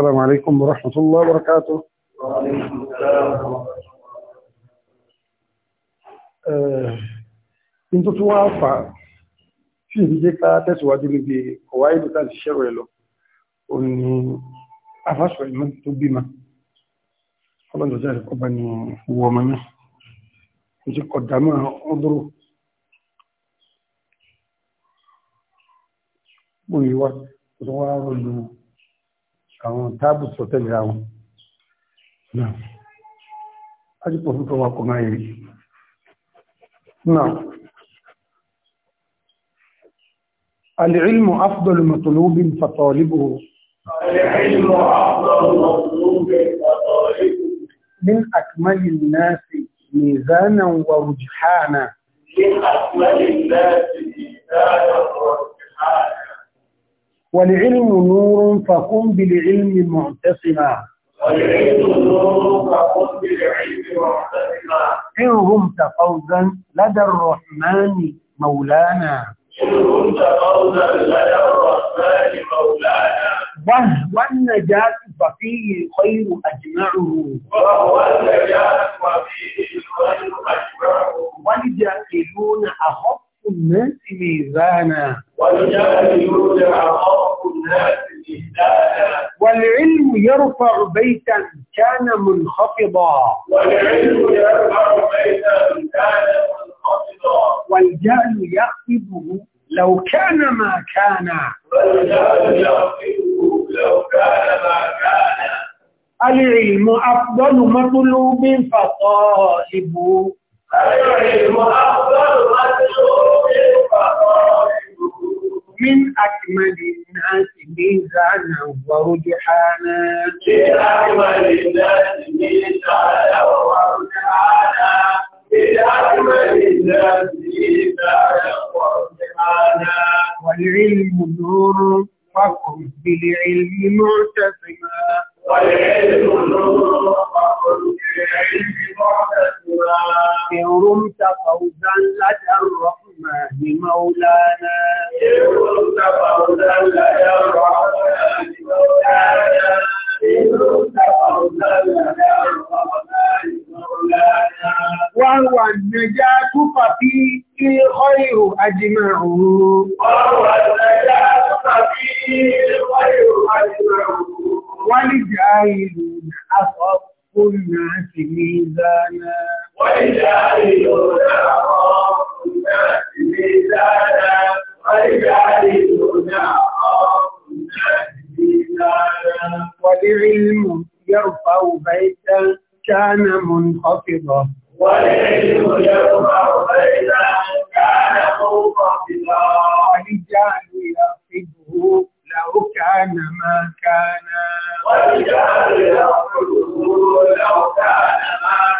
السلام عليكم ورحمة الله وبركاته وعليكم السلام ورحمة الله وبركاته توافع في ذلك تسواجه بقواعد تاس الشرع له أن أفاسوا المن تبما الله هو قبني ومنه وجه قدامه أضره ويوات وزوار له àwọn táàbù sọtẹ́lẹ̀ àwọn náà ajípọ̀ fún tọwọ́ kọ̀ máa yìí náà alìílmù afdọ́lù mọ̀tọ̀lóbin fàtọ̀líbò alìílmù afdọ́lù mọ̀tọ̀lóbin fàtọ̀líbò min akmalin nasi mizanan min akmalin nasi mizanan wa rujhana والعلم نور فقم بالعلم معتصما إن نور انهم تفوزا لدى الرحمن مولانا وهو النجاة ففيه خير أجمعه وهو النجاة ففيه خير أجمعه ولجاهلون أخف الناس ميزانا والعلم يرفع بيتا كان منخفضا والعلم يرفع بيتا كان منخفضا والجهل يخفضه لو كان ما كان والجهل يخفضه لو كان ما كان العلم أفضل مطلوب فطالبه من أكمل الناس ميزانا ورجحانا من أكمل الناس ميزانا ورجحانا من أكمل الناس ميزانا ورجحانا والعلم نور فقم بالعلم معتصما والعلم نور فقم بالعلم معتصما إن رمت فوزا لدى الرحمن مولانا إن رمت فوزا لدى الرحمن مولانا إن رمت فوزا لدى الرحمن مولانا وهو النجاة ففيه الخير أجمعه وهو النجاة ففيه الخير أجمعه ولجاهلون أصف الناس ميزانا وإجعله نارا الناس ميزانا ولعلم يرفع بيتا كان منخفضا والعلم يرفع بيتا كان منخفضا ورجال يرفضه لو كان ما كان ورجال يرفضه لو كان ما كان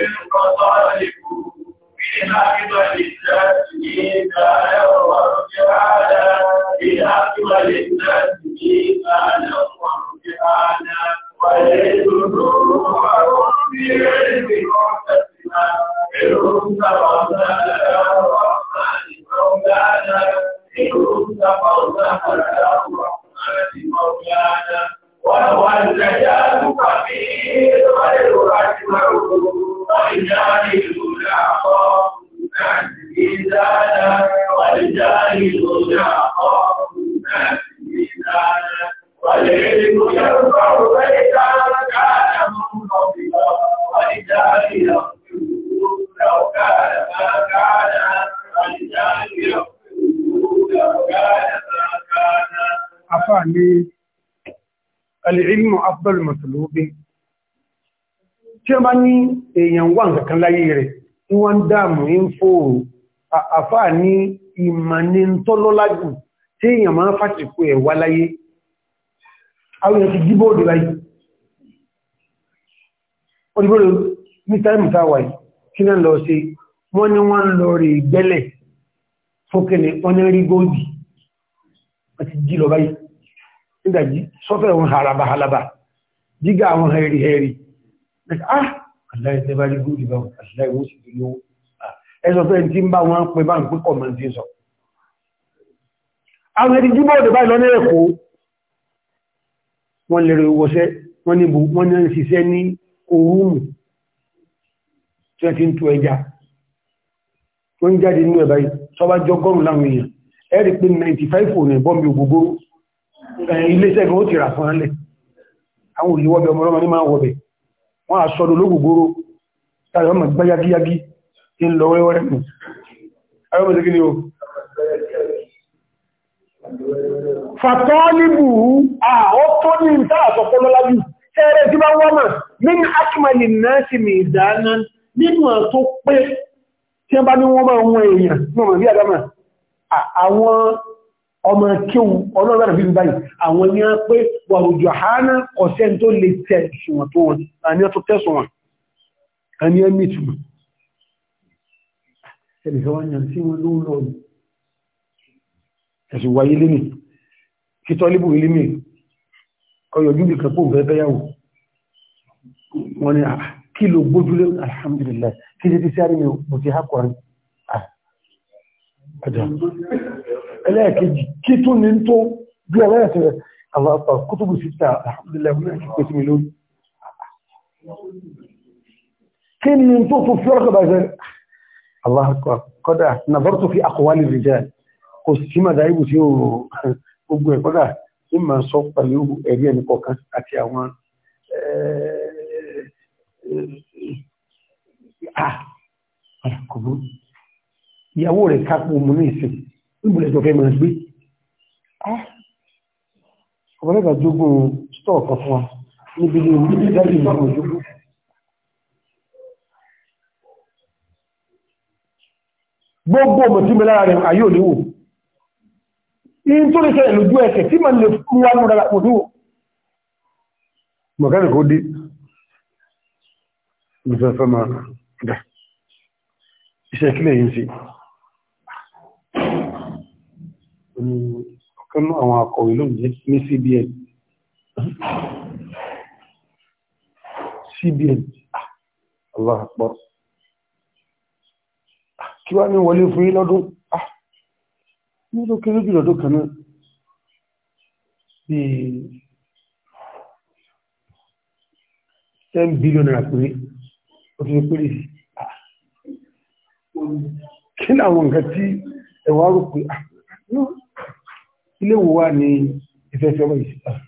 بالفضائل في هكذا الإسلام Afá ní alìlmù afdal matlubi. Tí ó bá ní èèyàn wà nǹkan láyé rẹ̀, tí wọ́n dáàmù a fòòrò, àfá ní ìmọ̀ tí èèyàn máa fàṣìkò ní táìmù táwàì kí náà lọ sí wọ́n ní wọ́n lọ rí gbẹ́lẹ̀ fókè ní wọ́n ní rí góòdì àti jí lọ báyìí nígbàjí sọ́fẹ́ wọn haraba halaba jígá àwọn hẹ̀rì hẹ̀rì ah aláìsẹ́ bá rí góòdì bá wọn aláìwọ́n sì fi lówó ẹ̀sọ̀ fẹ́ tí ń bá wọn pẹ bá ń pẹ́ kọ̀ mọ̀ sí sọ wọ́n lè rẹ̀ wọ́n níbo wọ́n ní ní orúùmù tí wọ́n ti ń tú ẹja tó ń jáde nínú ẹ̀bá yìí sọ́bá jọgọ́rùn láwọn èèyàn ẹ̀rì pé 95 òní bọ́m̀bì ògbógbó iléeṣẹ́ gan ó ti rà fún alẹ́ àwọn olùwọ́bẹ̀ ọmọlọ́mọ ní máa wọ̀bẹ̀ wọ́n á sọ́dọ̀ lógbògbóró tàbí ọmọ gbá yagíyagí tí ń lọ wẹ́wẹ́rẹ́ mù fàtọ́lìbù àwọn tó ní ìtàlàsọ̀pọ̀lọ́lájú tẹ́rẹ tí bá wọ́n mọ̀ nínú akímalì náà sì mì ìdáná nínú ẹ̀ tó pé tí wọ́n bá ní wọ́n máa wọn èèyàn náà mọ̀ bí àdámà àwọn ọmọ kíhun ọlọ́rọ̀ bí báyìí àwọn ní wọ́n pé wà òjò hánà ọ̀sẹ́ tó lè tẹ̀ ṣùwọ̀n tó wọn àní tó tẹ̀sùn wọn àní ẹni ìtumọ̀ ẹ̀rìsọ́ wọn yàn sí wọn ló lọ ẹ̀sùn wáyé lé mi kí tọ́lébù lé mi kọyọ̀jú bí kẹ́kọ̀ọ́ fẹ́ fẹ́yàwó wọn ni àà kí ló gbójúlé alhamdulillah kí ṣe ti sáré mi mo ti há kọrin àjá ẹlẹ́ẹ̀kejì kí tún ní tó bí ọ̀rẹ́ ẹ̀sẹ̀ rẹ̀ àwọn àpá kútùbù síta alhamdulillah mo ní kí mi lórí kí ni tó tún tó fi àkọwálì rijal Ah, àkùrú ìyàwó rẹ̀ kápò mú ní ìsìn níbùlẹ̀ tó fẹ́ máa gbé ah, ọ̀pọ̀lọpàá jógún stọ̀ ọ̀kan fún wa níbi ní ìlú ìdájú ìmọ̀ jógún gbogbo ọmọ tí mẹ́lára rẹ̀ ayé òníwò in tó lè sẹ́yẹ̀ lójú ẹsẹ̀ tí ma lè fún wa lóra òníwò mọ̀kánìkò dé nìfẹ́ fẹ́ máa dà iṣẹ́ kílẹ̀ yìí sí ọ̀kan náà àwọn akọ̀wé ló ń jẹ́ ní cbn cbn ah, Allah akbar ah, kí wá ní wọlé fún yí lọ́dún ah, ní ló kéré jù lọ́dún kan náà bí 10 billion naira òtútù pé ah, kí ní àwọn nǹkan tí ẹwà rò pé ah, ilé wo wá ní ìfẹ́fẹ́ ọmọ ìsìta ah,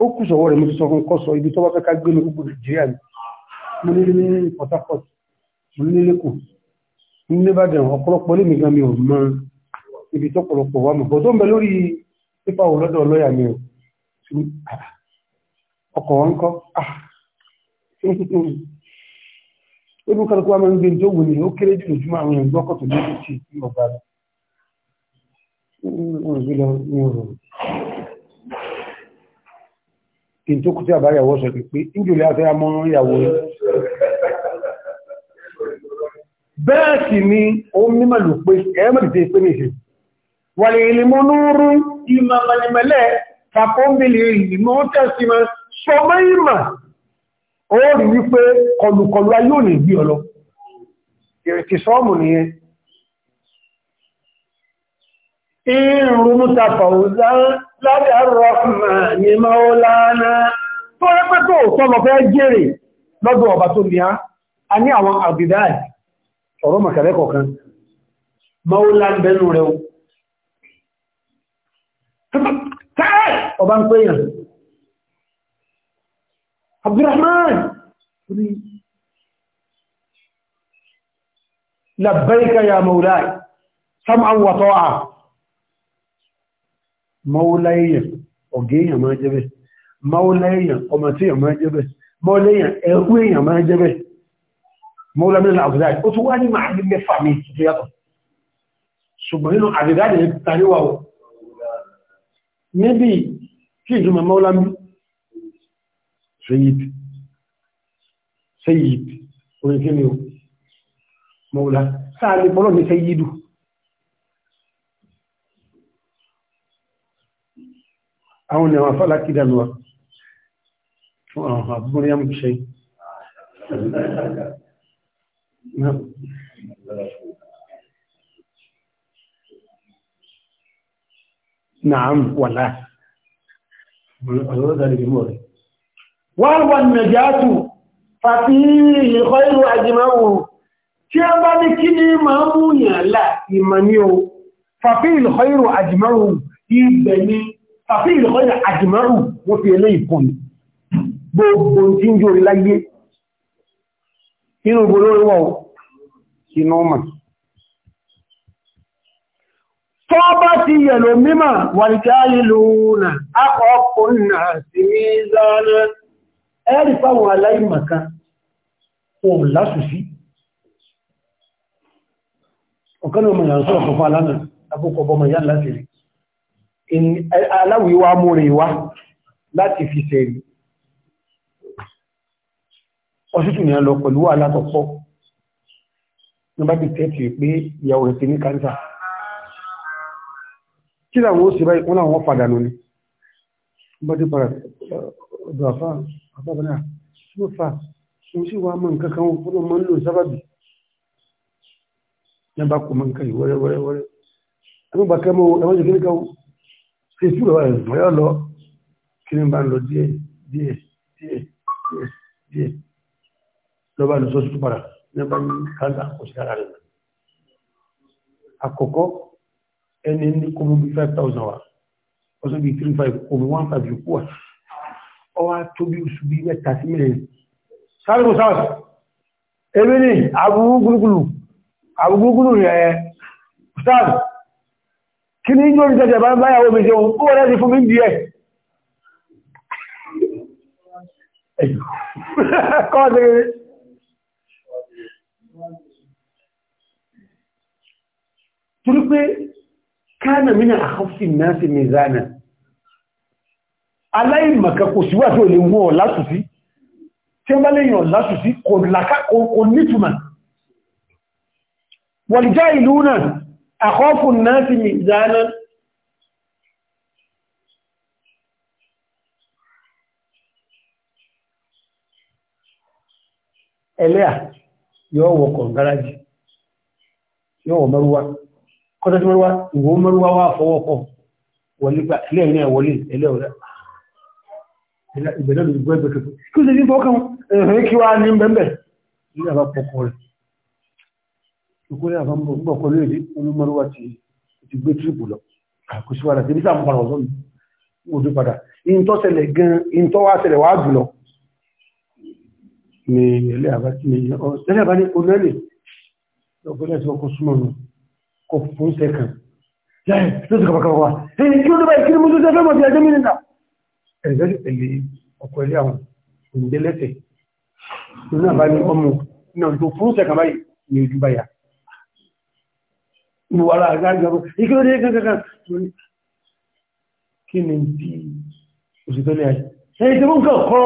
ó kù sọ̀wọ́ rẹ̀ mo fún kọ́sọ̀ ibi tó fẹ́ ká gbé ní gbogbo nàìjíríà ni mo nílé ní Port Harcourt mo nílé lẹ́kọ̀ọ́ mo nílé bá dẹ̀rùn ọ̀pọ̀lọpọ̀ lè mi gan mi ò mọ ibi tó pọ̀lọpọ̀ wà mọ̀ tó ń bẹ lórí pípa òun lọ́dọ̀ lọ́ọ̀yà mi ò ọkọ̀ wọn kọ́ ebi kọ́lọ́kọ́ wa máa ń gbé ní tó wù ní ó kéré jù lójúmọ́ àwọn èèyàn gbọ́kọ̀ tó lójú sí ní ọgbà rẹ̀ wọ́n gbé lọ ní ọ̀rọ̀ kí n tó kú sí àbáyàwó sọ pé níjòlè àti àmọ́ ìyàwó rẹ̀ bẹ́ẹ̀ sì ni òun mímọ̀ lò pé ẹ̀ẹ́mọ̀dìdì pé ní wà lè ìlìmọ̀ lóòrú ìmọ̀ mọ̀lẹ̀mọ̀lẹ̀ tàkó ń bí lè ìlìmọ̀ sọmọ́ ìmọ̀ ó rí wípé kọlùkọlù ayé ò ní gbí ọlọ ìrètí sọ́ọ̀mù nìyẹn ìrùnmúta fàúzá láti àrọ̀fùnmà ní maolana tó rẹ́pẹ́ tó tọ́lọ fẹ́ jèrè lọ́dọ̀ ọba tó ní a ní àwọn àbìdáì ọ̀rọ̀ màkàrẹ́ abdurrahman ní labbaika ya maulai sam'an wa ta'a maulayen ọ̀gẹ́yàn máa jẹ́bẹ̀ maulayen ọmọ tí yàn máa jẹ́bẹ̀ maulayen ẹ̀rú èyàn máa jẹ́bẹ̀ maulayen al-abdai ó tún wá ní máa ní mẹ́fà ní ìtìyàtọ̀ ṣùgbọ́n nínú àdìdáde tàríwà níbi kí ìjùmọ̀ maulayen sayid sayid orin kí ni o mọ́wúlá sáà ní bọ́lọ́ ní sayidu àwọn ni àwọn afọ́lá kí dànù wa fún àwọn àbúrú yá mú ṣe Naam, wàlá. Ọ̀rọ̀ ọ̀dọ́ ìgbìmọ̀ rẹ̀ wáwọn nàìjátù fàtí ìkọ́ ìlú àjímáwò tí a bá ní kí ní máa mú yànlá ìmọ̀ ní o fàfí ìlúkọ́ ìlú àjímáwò ibẹ̀ ni fàfí ìlúkọ́ ìlú àjímáwò wọ́n fi ẹlé ìpọ̀lù gbogbo tí ń jórí láyé inú bolówó ẹ̀rì fáwọn aláìmọ̀kan wọn lásùsí ọ̀kan ọmọ ìyàn sọ́rọ̀ fún alánà abúkọ̀bọmọ̀ yá láti rí aláwíwá múrin wá láti fi sẹ̀rí ọsítù ni a lọ pẹ̀lú alátọ̀pọ̀ ní bá ti tẹ́tì pé ìyàwó rẹ̀ ti ní káńtà kí làwọn ó sì báyìí wọ́n làwọn padà lónìí bọ́dí padà ọdọ̀ àfáà àbábọ̀nà ló fà mo sì wá mọ nǹkan kan ó mọ ń lò sábàbí yẹn bá kó mọ nǹkan yìí wẹ́rẹ́ wẹ́rẹ́ wẹ́rẹ́ ẹgbẹ́ gbà kẹ́mọ́ ẹwọ́n jẹ́ kíníkà ṣe sí ọ̀rọ̀ ẹ̀mọ́ yọ lọ kí ni bá ń lọ díẹ̀ díẹ̀ díẹ̀ díẹ̀ díẹ̀ lọ́ba lọ sọ́sọ́ padà ní bá ń káńtà kò sí ara rẹ̀ àkọ́kọ́ ẹni ní kó mú bí five thousand wa ọ̀sán bíi three five kó ọwá tóbi oṣù bí mẹ́ta sí mẹ́rin sáàrùn sáàrùn ebe ní agbúgbùrúgbùrú agbúgbùrúgbùrú rẹ̀ sáàrùn kí ní ìjọ ní tẹ́tẹ̀ bá ń báyàwó mi jẹun ó wọ́n láti fún mi díẹ̀ Torí pé, káàmì mínà àkọ́fì náà sí mìzánà, aláìmọ̀kẹ́ kò síwá tí ò lè wọ́n látùsí tí ó bá léyàn látùsí kò nítùmà wọ̀lìjá ìlú náà àkọ́fún náà ti mi ìdáná ẹlẹ́à yóò wọ kọ̀ǹgárájì yóò wọ mẹ́rúwá kọ́tẹ́sí mẹ́rúwá ìwò mẹ́rúwá wá fọwọ́kọ̀ wọlé ìbẹ̀rẹ̀ lórí gbọ́ ẹgbẹ̀ tuntun kí ó sì ní fọ́kàn ẹ̀rìn kí wá ní bẹ́ẹ̀ ní àbá pọ̀kọ̀ rẹ̀ ìkó ní àbá pọ̀kọ̀ lórí èdè olúmọlúwà ti ti gbé tírípù lọ àkóso wàrà tẹbí sáà ń padà ọ̀sán mi wò tó padà ìntọ́ ṣẹlẹ̀ gan ìntọ́ wá ṣẹlẹ̀ wá jùlọ ní ilé àbá tí mi yàn ọ́ tẹ́lẹ̀ àbá ní onẹ́lẹ̀ ọ̀gbẹ́lẹ̀ tí wọ́n kọ́ súnmọ́ nù kọ́ fún sẹ́kàn yáyẹ tó ti kàbàkàbà wá ẹ̀jẹ̀ sì tẹ̀lé ọkọ̀ ilé àwọn ìdẹ́lẹ́tẹ̀ nínú àbá ní ọmọ náà tó fún ṣẹ̀kàn báyìí ní ojú báyà ìwàrà àgbàgbà ìkílódé kankan kí ni tí òṣìṣẹ́lẹ̀ ayé ẹ̀yìn tí wọ́n kàn kọ́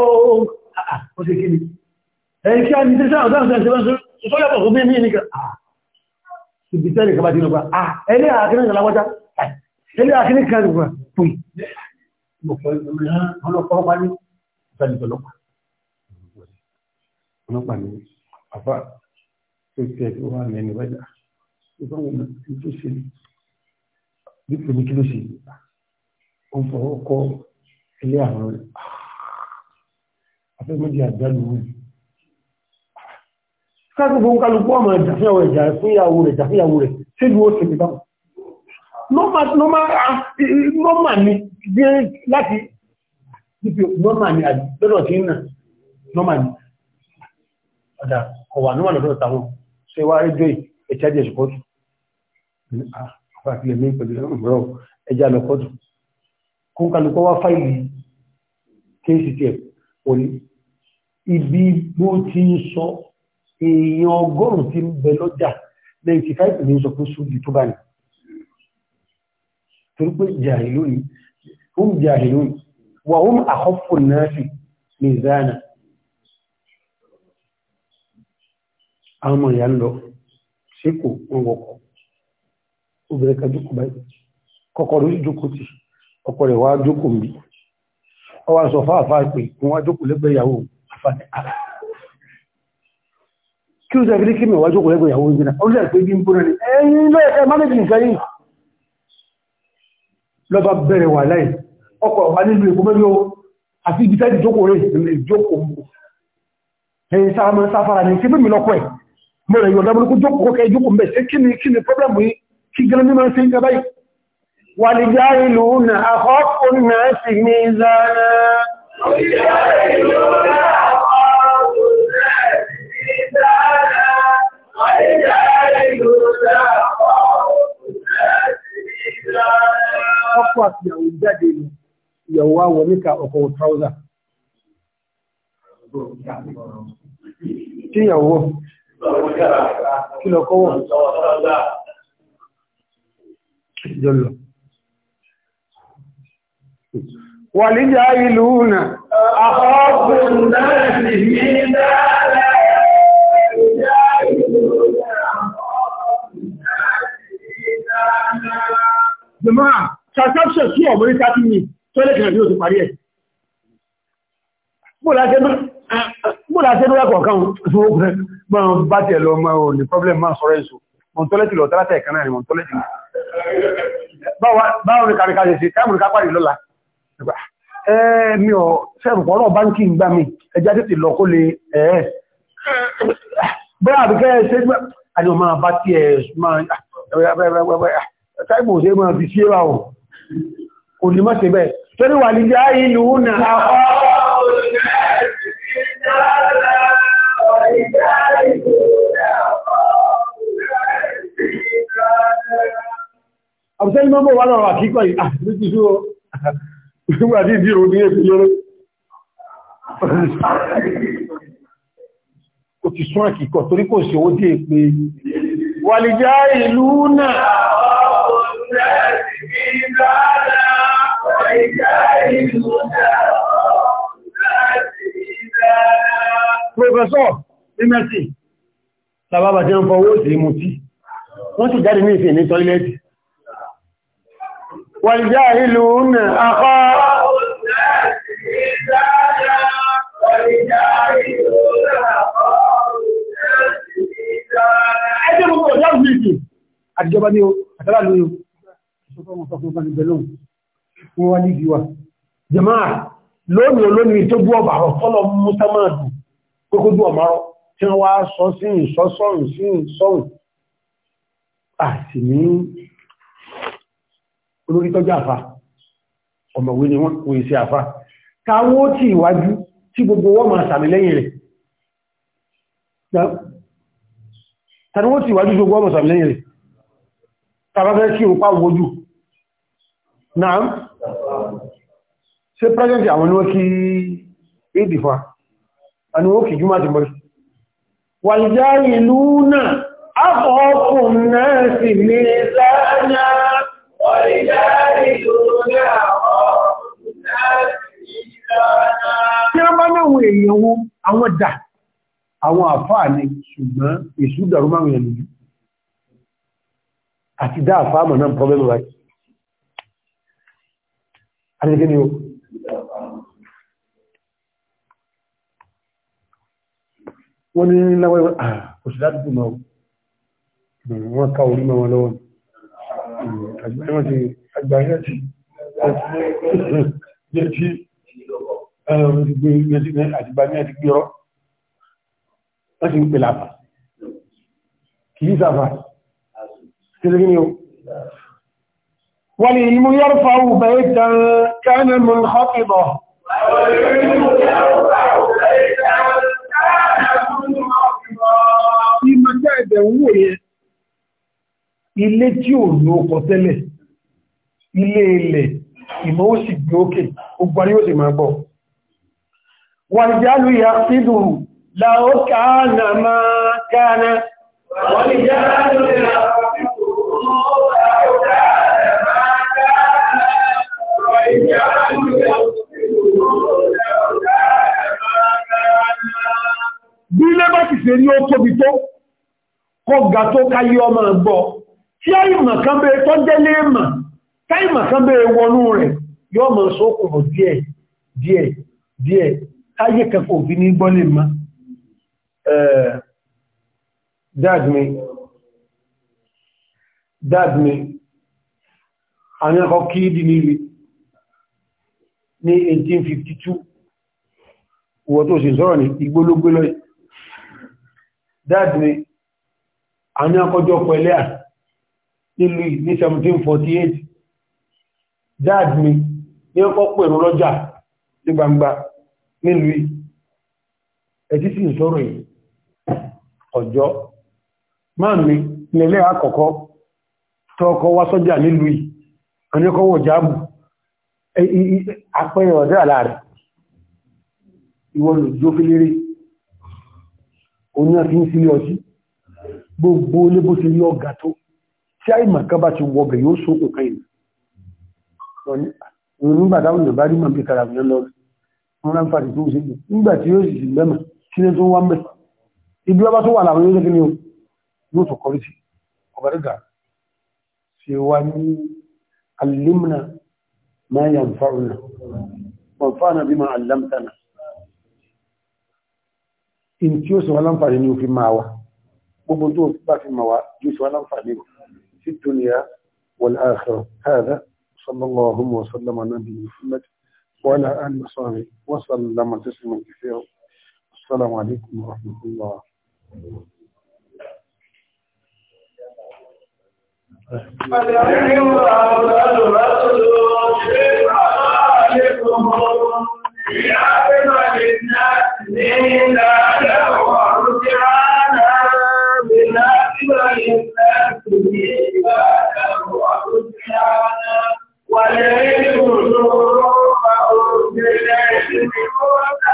ó ṣe kí ni ẹ̀yìn kí a ní tẹ́sán ọ̀dọ́ ọ̀dọ́ ṣe sọ́lẹ̀ pọ̀ fún bí i nìkan ibi tẹ́lẹ̀ kaba dínú pa ẹ̀lẹ́ àkínní kan láwọ́já ẹ̀lẹ́ àkínní mo fẹ́ ọlọ́pàá wá ní ìfẹ́lẹ̀ ọlọ́pàá. ọlọ́pàá ni àbá tó ti ẹ̀ tó wà ní ẹni wẹ́dà nígbà wo ni tó ṣe nípa ní kí ló ṣe ó ń fọwọ́ kọ́ ilé àwọn rẹ̀ afẹ́mọ́jì àjálù wọn. sáà tó fún kálukú ọmọ ìjàfẹ́yàwó rẹ̀ ìjàfẹ́yàwó rẹ̀ sílùú ó ti fi báwọn nọ́mà ni láti normal ni lọ́dọ̀ tí ń nà nọ́mà ni ọ̀dà ọ̀wà nọ́mà lọ́dọ̀ tàwọn ṣe wá ẹjọ́ ìtẹ́jẹ̀ ṣùkọ́tù àpapìlẹ̀ ní pẹ̀lú ọ̀rọ̀ ẹjá lọ́kọ́tù kún kálukọ́ wá fáìlì kctf òní ibi bó ti ń sọ èèyàn ọgọ́rùn-ún ti ń bẹ lọ́jà 95 ní sọ pé sóòjì tó bá ní torí pé jàhìlú ni hum jàhìlú ni wà hum àkọ́fùn náà sì ní zánà àwọn ọmọ ìyá ń lọ síkò wọn wọkọ̀ obìnrin kan jókòó báyìí kọ́kọ́rọ́ sí jókòó tì ọkọ rẹ̀ wá jókòó mi ọwá sọ fáàfá pé wọ́n wá jókòó lẹ́gbẹ̀ẹ́ ìyàwó àfàdé ah. kí ó sẹ́fẹ́ kí mi wá jókòó lẹ́gbẹ̀ẹ́ ìyàwó ìgbìnà ó sẹ́fẹ́ bí ń bóra ní ẹ̀yìn lẹ́ẹ̀kẹ́ lọ́ba bẹ̀rẹ̀ wà láì ọkọ̀ wà nínú èkó mẹ́rin o àti ibi tẹ́jì jókòó rẹ̀ ìjókòó ẹ̀yìn sáàmù sáfàrà ní sí mímí lọ́kọ̀ ẹ̀ mọ́rẹ̀ yọ̀ dábúrúkú jókòó kẹ́ jókòó mẹ́ sí kí ni kí ni pọ́blẹ̀mù yìí kí gẹ́lẹ́ mímọ́ sí ń gẹ́báyì wà lè já ìlú nà àkọ́kùn náà sì ní ìzára Wọ́n ìjá ìlú náà afọ àti ìyàwó jáde ni ìyàwó wa wọ níka ọkọ̀ trouser kí ìyàwó kí lọ kọ́wọ́ jọlọ wàlíjà ìlú nà Jama'a transaction sí ọmọ ní 30 minutes tó lè kìrì yóò ti parí ẹ̀ bóòlá ṣe lórí àkọ̀ọ̀kan fún ogun ma bá tẹ̀ lọ ma ò ní problem ma sọ́rọ̀ èso mọ̀tọ́lẹ́tì lọ tẹ́lá tẹ̀ẹ̀kan náà ni mọ̀tọ́lẹ́tì báwọn ní kàríkà ṣe ṣe táìmù ní kápàrí lọ́la ẹ̀ẹ́mí ọ̀ sẹ́rùpọ̀ ọ̀rọ̀ báńkì ń gbá mi ẹjá tètè lọ kó lè ẹ̀ẹ́ bẹ́ẹ̀ àbíkẹ́ ṣe gbá àni ọmọ bá tí ẹ̀ kò ní má ṣe bẹ́ẹ̀ torí wà ní já ìlú nà àpá àbúsẹ́lì mọ́bọ̀ wà lọ́rọ̀ àkíkọ́ yìí àti ah, ti ṣúrò nígbà tí ìdírò ní èsì lóró kò ti sún àkíkọ̀ torí kò sí owó díẹ̀ pé wà lè já ìlú náà الناس ميزانا وإيتاء Professor Emerson, Sàbábà ti ń fọwọ́ sí mú tí, wọ́n sì jáde ní ìfẹ́ ní tọ́ílẹ̀tì. Wàlìjá ìlú ní àkọ́ Ẹjẹ́ gbogbo ọjọ́ ìlú ìdí, àjọba ni ó, àtàrà lórí ọmọ sọfún bá ní bẹ̀lọ́n wọ́n wá ní ìwà jẹmáà lónìí olónìí tó bú ọba àrọ̀ tọ́lọ mútàmáàdù kókó bú ọmọ rọ tí wọ́n wá sọ sí ìsọ́sọ́rùn sí ìsọ́rùn àti ní olórí tọ́jú àfà ọmọwé ni wọ́n kò ìsẹ́ àfà káwó tí ìwájú tí gbogbo wọ́n máa sàmì lẹ́yìn rẹ̀ tàbí wọ́n tí ìwájú gbogbo wọ́n máa sàmì lẹ́yìn rẹ̀ tàbí wọ́n tí ìwájú náà ṣe pẹ́sẹ̀ntì àwọn oníwọ́ kí ìdìfà àníwọ́ kí jùmọ́ àti mọ́rí wàlìjá ìlú náà afọ́ọ̀kùn náà sì ní sáàyà wàlìjá ìlú náà afọ́ọ̀kùn náà sì ní sáàyà tí wọ́n bá náwọn èèyàn wọn àwọn dà àwọn àfáà ni ṣùgbọ́n èṣù dàrú máa ń yẹn lójú àrígẹ́ ni ó wọ́n ní láwọ́ ìwọ̀n òṣìlá dúdú ma wọ́n ká orí ma wọn lọ́wọ́ hmm, àgbáyé ti àgbáyé ti àgbáyé eh, ti gbé ọ́ láti ń pè láàbà kìí sáfà kí والعلم يرفع بيتا كان منخفضا والعلم يرفع بيتا كان منخفضا Ìmọ̀ jẹ́ ẹ̀dẹ̀ owó yẹn, ilé tí ò ló kọ tẹ́lẹ̀, ilé ilẹ̀, ìmọ̀ ó sì gbé òkè, ogun ayé ó sì máa gbọ́. Wà ìjálù ìyá sídùrù, láó káà máa káà náà. Bí lẹ́bà ti ṣe ní ó tóbi tó, kọ́ tó káyé ọmọ ẹgbọ́, tí àìmọ̀ kan bẹ́ tó jẹ́lé mọ̀, táìmọ̀ kan bẹ́ wọnú rẹ̀, yọ́ mọ̀ sókùnrùn díẹ̀, díẹ̀, díẹ̀, táyé kẹfẹ́ òbí ní gbọ́lé mọ́. Dad mi, dad mi, àyànkọ́ kí dì ní 1852 wọ́n tó sì sọ́rọ̀ ní igbólógbé lọ́yìn dáàdì a ní akọjọ́ pẹ̀lẹ́ à nílùú ní 1748 dáàdì ní ọkọ̀ pẹ̀lú lọ́jà ní gbangba nílùú ẹ̀tí sì sọ́rọ̀ yìí ọjọ́ máa mi nílẹ̀ àkọ́kọ́ tọ́ọkọ́ wá sọ́jà nílùú a àpẹẹrẹ ọ̀dẹ́ àláàrẹ̀ ìwọ̀lù jókèlérè oníyàn fi ń sílé ọtí gbogbo olé bó ti rí ọgá tó tí àìmà kan bá ti wọbẹ̀ yóò sókò kan ìlú nígbàtàwọn ìjọba rí màá bí kara àwùjọ lọ wọn rán fàdí tó ṣe nígbà tí yóò sì sì mẹ́mà kí ما ينفعنا وانفعنا بما علمتنا ان تيوس ولم فعلني في ماوى وبنتوس في ماوى جوس ولم فعلني في الدنيا والآخرة هذا صلى الله وسلم على نبينا محمد وعلى آل وصحبه وسلم تسلم كثيرا السلام عليكم ورحمة الله Ma'a ra'ayna 'ala al-'adl wa al عليكم لأعلم للناس إلا له رجعانا بالنسبة للناس إلا له رجعانا ولئن نور فأرسل إليهم قوة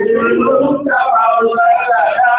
المتبع لنا